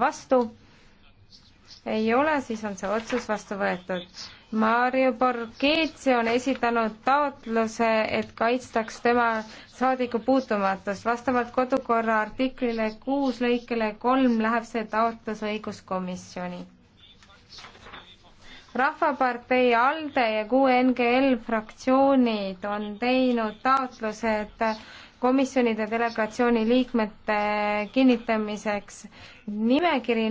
vastu ei ole, siis on see otsus vastu võetud. Mario Borghese on esitanud taotluse, et kaitstaks tema saadikupuutumatust. vastavalt kodukorra artiklile kuus lõikele kolm läheb see taotlus õiguskomisjoni rahvapartei ALDE ja QNGL fraktsioonid on teinud taotlused komisjonide delegatsiooni liikmete kinnitamiseks. nimekiri